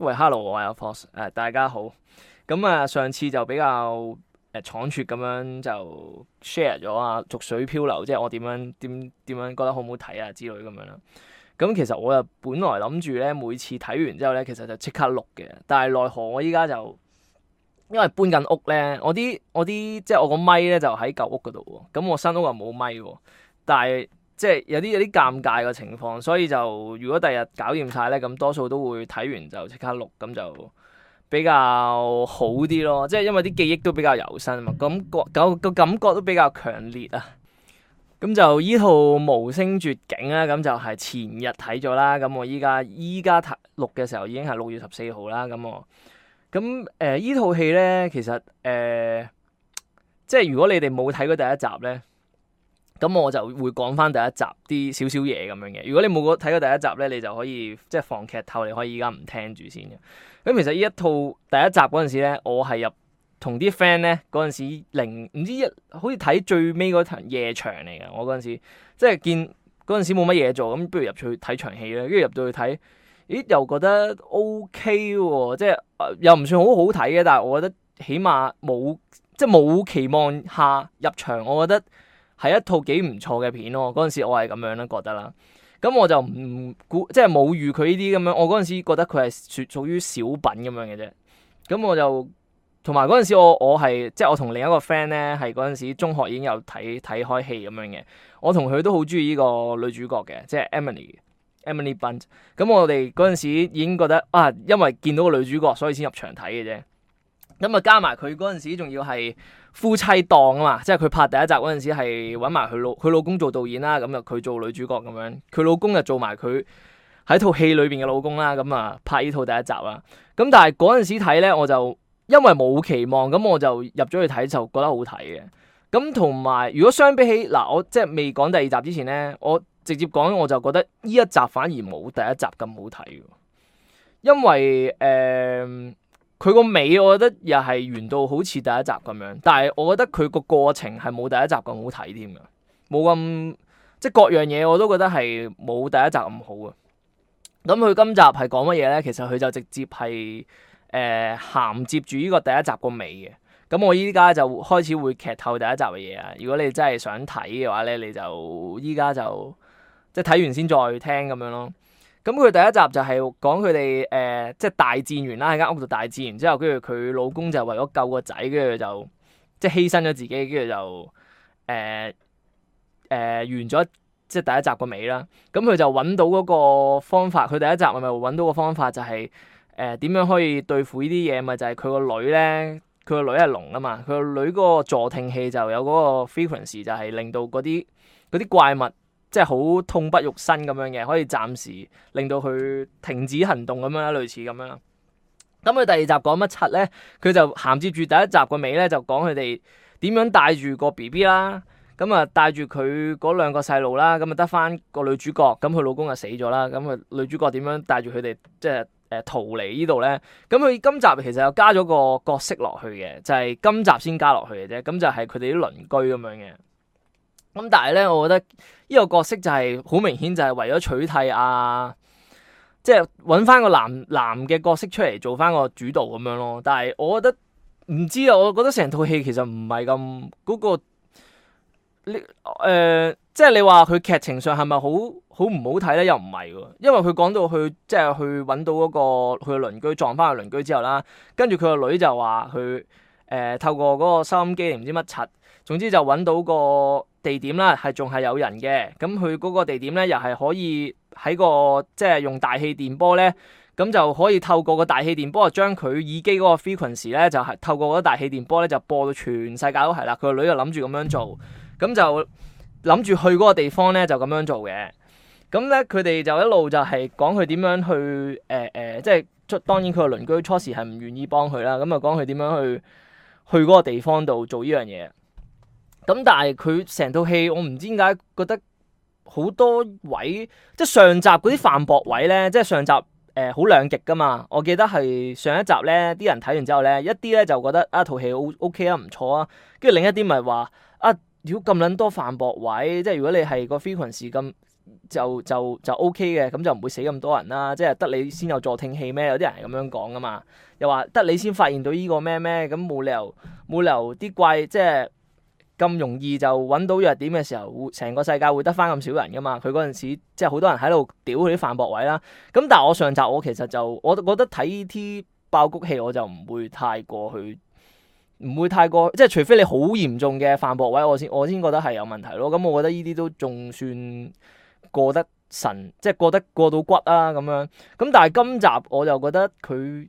喂，Hello，我係阿 Fox 誒，大家好。咁啊，上次就比較誒倉促咁樣就 share 咗啊，逐水漂流，即係我點樣點點樣覺得好唔好睇啊之類咁樣啦。咁其實我又本來諗住咧，每次睇完之後咧，其實就即刻錄嘅。但係奈何我依家就因為搬緊屋咧，我啲我啲即係我個咪咧就喺舊屋嗰度喎。咁我新屋又冇咪喎，但係。即係有啲有啲尷尬嘅情況，所以就如果第日搞掂晒咧，咁多數都會睇完就即刻錄，咁就比較好啲咯。即係因為啲記憶都比較猶新嘛，感覺個個感覺都比較強烈啊。咁就依套無聲絕境咧，咁就係前日睇咗啦。咁我依家依家睇錄嘅時候已經係六月十四號啦。咁我咁誒依套戲咧，其實誒、呃、即係如果你哋冇睇過第一集咧。咁我就會講翻第一集啲少少嘢咁樣嘅。如果你冇睇過第一集呢，你就可以即係放劇透，你可以依家唔聽住先嘅。咁其實呢一套第一集嗰陣時咧，我係入同啲 friend 咧嗰陣時零唔知一，好似睇最尾嗰場夜場嚟嘅。我嗰陣時即係見嗰陣時冇乜嘢做，咁不如入去睇場戲咧。跟住入到去睇，咦又覺得 OK 喎，即係又唔算好好睇嘅，但係我覺得起碼冇即係冇期望下入場，我覺得。係一套幾唔錯嘅片咯，嗰陣時我係咁樣咧覺得啦，咁我就唔估即係冇預佢呢啲咁樣，我嗰陣時覺得佢係屬屬於小品咁樣嘅啫。咁我就同埋嗰陣時我，我我係即係我同另一個 friend 咧，係嗰陣時中學已經有睇睇開戲咁樣嘅。我同佢都好中意呢個女主角嘅，即係 em Emily Emily Blunt。咁我哋嗰陣時已經覺得啊，因為見到個女主角，所以先入場睇嘅啫。咁啊加埋佢嗰陣時仲要係。夫妻檔啊嘛，即係佢拍第一集嗰陣時係揾埋佢老佢老公做導演啦，咁又佢做女主角咁樣，佢老公就做埋佢喺套戲裏邊嘅老公啦，咁、嗯、啊拍呢套第一集啦。咁、嗯、但係嗰陣時睇呢，我就因為冇期望，咁我就入咗去睇就覺得好睇嘅。咁同埋如果相比起嗱，我即係未講第二集之前呢，我直接講我就覺得呢一集反而冇第一集咁好睇嘅，因為誒。呃佢個尾，我覺得又係圓到好似第一集咁樣，但係我覺得佢個過程係冇第一集咁好睇添㗎，冇咁即係各樣嘢我都覺得係冇第一集咁好啊。咁佢今集係講乜嘢呢？其實佢就直接係誒銜接住呢個第一集個尾嘅。咁我依家就開始會劇透第一集嘅嘢啊。如果你真係想睇嘅話呢，你就依家就即係睇完先再，再聽咁樣咯。咁佢第一集就係講佢哋誒即係大戰完啦，喺間屋度大戰完之後跟住佢老公就為咗救個仔，跟住就即係犧牲咗自己，跟住就誒誒、呃呃、完咗即係第一集個尾啦。咁佢就揾到個方法，佢第一集咪咪揾到個方法就係誒點樣可以對付、就是、呢啲嘢，咪就係佢個女咧，佢個女係聾，啊嘛，佢個女個助聽器就有個 frequency 就係令到嗰啲嗰啲怪物。即係好痛不欲生咁樣嘅，可以暫時令到佢停止行動咁樣啦，類似咁樣啦。咁佢第二集講乜柒咧？佢就銜接住第一集個尾咧，就講佢哋點樣帶住個 B B 啦，咁啊帶住佢嗰兩個細路啦，咁啊得翻個女主角，咁佢老公就死咗啦，咁啊女主角點樣帶住佢哋即係誒逃離呢度咧？咁佢今集其實又加咗個角色落去嘅，就係、是、今集先加落去嘅啫，咁就係佢哋啲鄰居咁樣嘅。咁但係咧，我覺得呢個角色就係、是、好明顯就係為咗取締啊，即係揾翻個男男嘅角色出嚟做翻個主導咁樣咯。但係我覺得唔知啊，我覺得成套戲其實唔係咁嗰個你誒、呃，即係你話佢劇情上係咪好好唔好睇咧？又唔係喎，因為佢講到即去即係去揾到嗰、那個佢嘅鄰居撞翻個鄰居之後啦，跟住佢個女就話佢。誒、呃、透過嗰個收音機定唔知乜柒，總之就揾到個地點啦，係仲係有人嘅。咁佢嗰個地點咧，又係可以喺個即係用大氣電波咧，咁就可以透過個大氣電波啊，將佢耳機嗰個 frequency 咧，就係透過嗰個大氣電波咧，就播到全世界都係啦。佢個女就諗住咁樣做，咁就諗住去嗰個地方咧就咁樣做嘅。咁咧佢哋就一路就係講佢點樣去誒誒、呃呃，即係當然佢個鄰居初時係唔願意幫佢啦。咁啊講佢點樣去。去嗰個地方度做呢樣嘢，咁但係佢成套戲我唔知點解覺得好多位，即係上集嗰啲反駁位咧，即係上集誒好、呃、兩極噶嘛。我記得係上一集咧，啲人睇完之後咧，一啲咧就覺得啊套戲 OK 啊，唔、OK 啊、錯啊，跟住另一啲咪話啊如果咁撚多反駁位，即係如果你係個 frequency 咁。就就就 O K 嘅，咁就唔會死咁多人啦。即係得你先有助聽器咩？有啲人係咁樣講噶嘛，又話得你先發現到呢個咩咩？咁冇理由冇理由啲怪即係咁容易就揾到弱點嘅時候，成個世界會得翻咁少人噶嘛？佢嗰陣時即係好多人喺度屌佢啲犯駁位啦。咁但係我上集我其實就我我覺得睇呢啲爆谷戲，我就唔會太過去，唔會太過，即係除非你好嚴重嘅犯駁位我，我先我先覺得係有問題咯。咁我覺得呢啲都仲算。過得神，即係過得過到骨啊咁樣。咁但係今集我就覺得佢，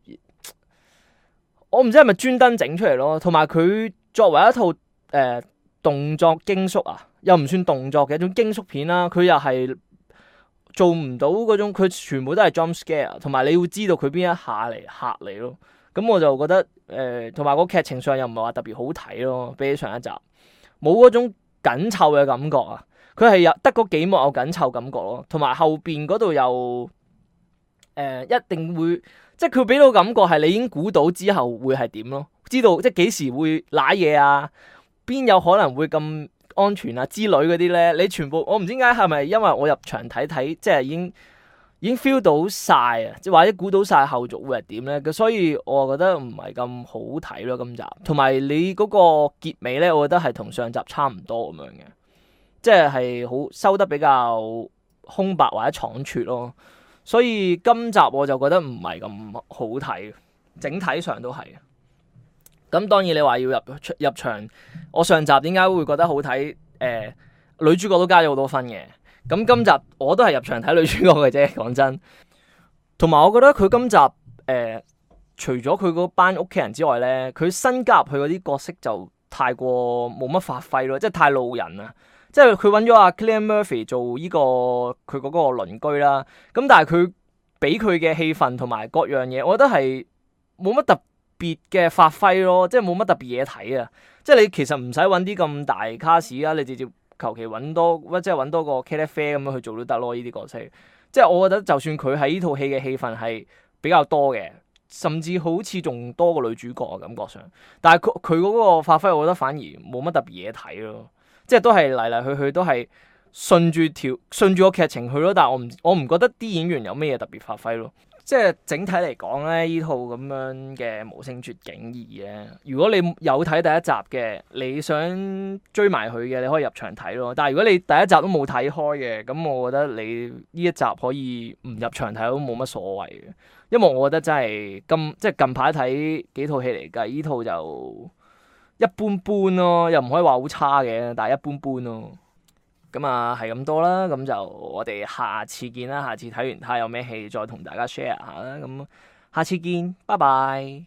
我唔知係咪專登整出嚟咯。同埋佢作為一套誒、呃、動作驚悚啊，又唔算動作嘅一種驚悚片啦。佢又係做唔到嗰種，佢全部都係 jump scare，同埋你會知道佢邊一下嚟吓你咯。咁我就覺得誒，同、呃、埋個劇情上又唔係話特別好睇咯，比起上一集冇嗰種緊湊嘅感覺啊。佢係有得嗰幾幕有緊湊感覺咯，同埋後邊嗰度又誒、呃，一定會，即係佢俾到感覺係你已經估到之後會係點咯，知道即係幾時會瀨嘢啊，邊有可能會咁安全啊之類嗰啲咧？你全部我唔知點解係咪因為我入場睇睇，即係已經已經 feel 到晒啊，即或者估到晒後續會係點咧？所以我覺得唔係咁好睇咯，今集同埋你嗰個結尾咧，我覺得係同上集差唔多咁樣嘅。即係好收得比較空白或者倉促咯，所以今集我就覺得唔係咁好睇，整體上都係。咁當然你話要入入場，我上集點解會覺得好睇？誒、呃，女主角都加咗好多分嘅。咁今集我都係入場睇女主角嘅啫，講真。同埋我覺得佢今集誒、呃，除咗佢嗰班屋企人之外呢，佢新加入去嗰啲角色就太過冇乜發揮咯，即係太路人啦。即係佢搵咗阿 Cillian Murphy 做呢、這個佢嗰個鄰居啦，咁但係佢俾佢嘅戲份同埋各樣嘢，我覺得係冇乜特別嘅發揮咯，即係冇乜特別嘢睇啊！即係你其實唔使搵啲咁大卡士呀，你直接求其搵多，即係搵多個 Kelly Fair 咁樣去做都得咯。呢啲角色，即係我覺得就算佢喺呢套戲嘅戲份係比較多嘅，甚至好似仲多過女主角嘅、啊、感覺上，但係佢佢嗰個發揮，我覺得反而冇乜特別嘢睇咯。即係都係嚟嚟去去都係順住條順住個劇情去咯，但係我唔我唔覺得啲演員有咩特別發揮咯。即係整體嚟講咧，呢套咁樣嘅《無聲絕境二》咧，如果你有睇第一集嘅，你想追埋佢嘅，你可以入場睇咯。但係如果你第一集都冇睇開嘅，咁我覺得你呢一集可以唔入場睇都冇乜所謂嘅，因為我覺得真係今即係近排睇幾套戲嚟噶，呢套就。一般般咯，又唔可以話好差嘅，但係一般般咯。咁啊，係咁多啦。咁就我哋下次見啦。下次睇完睇下有咩戲，再同大家 share 下啦。咁下次見，拜拜。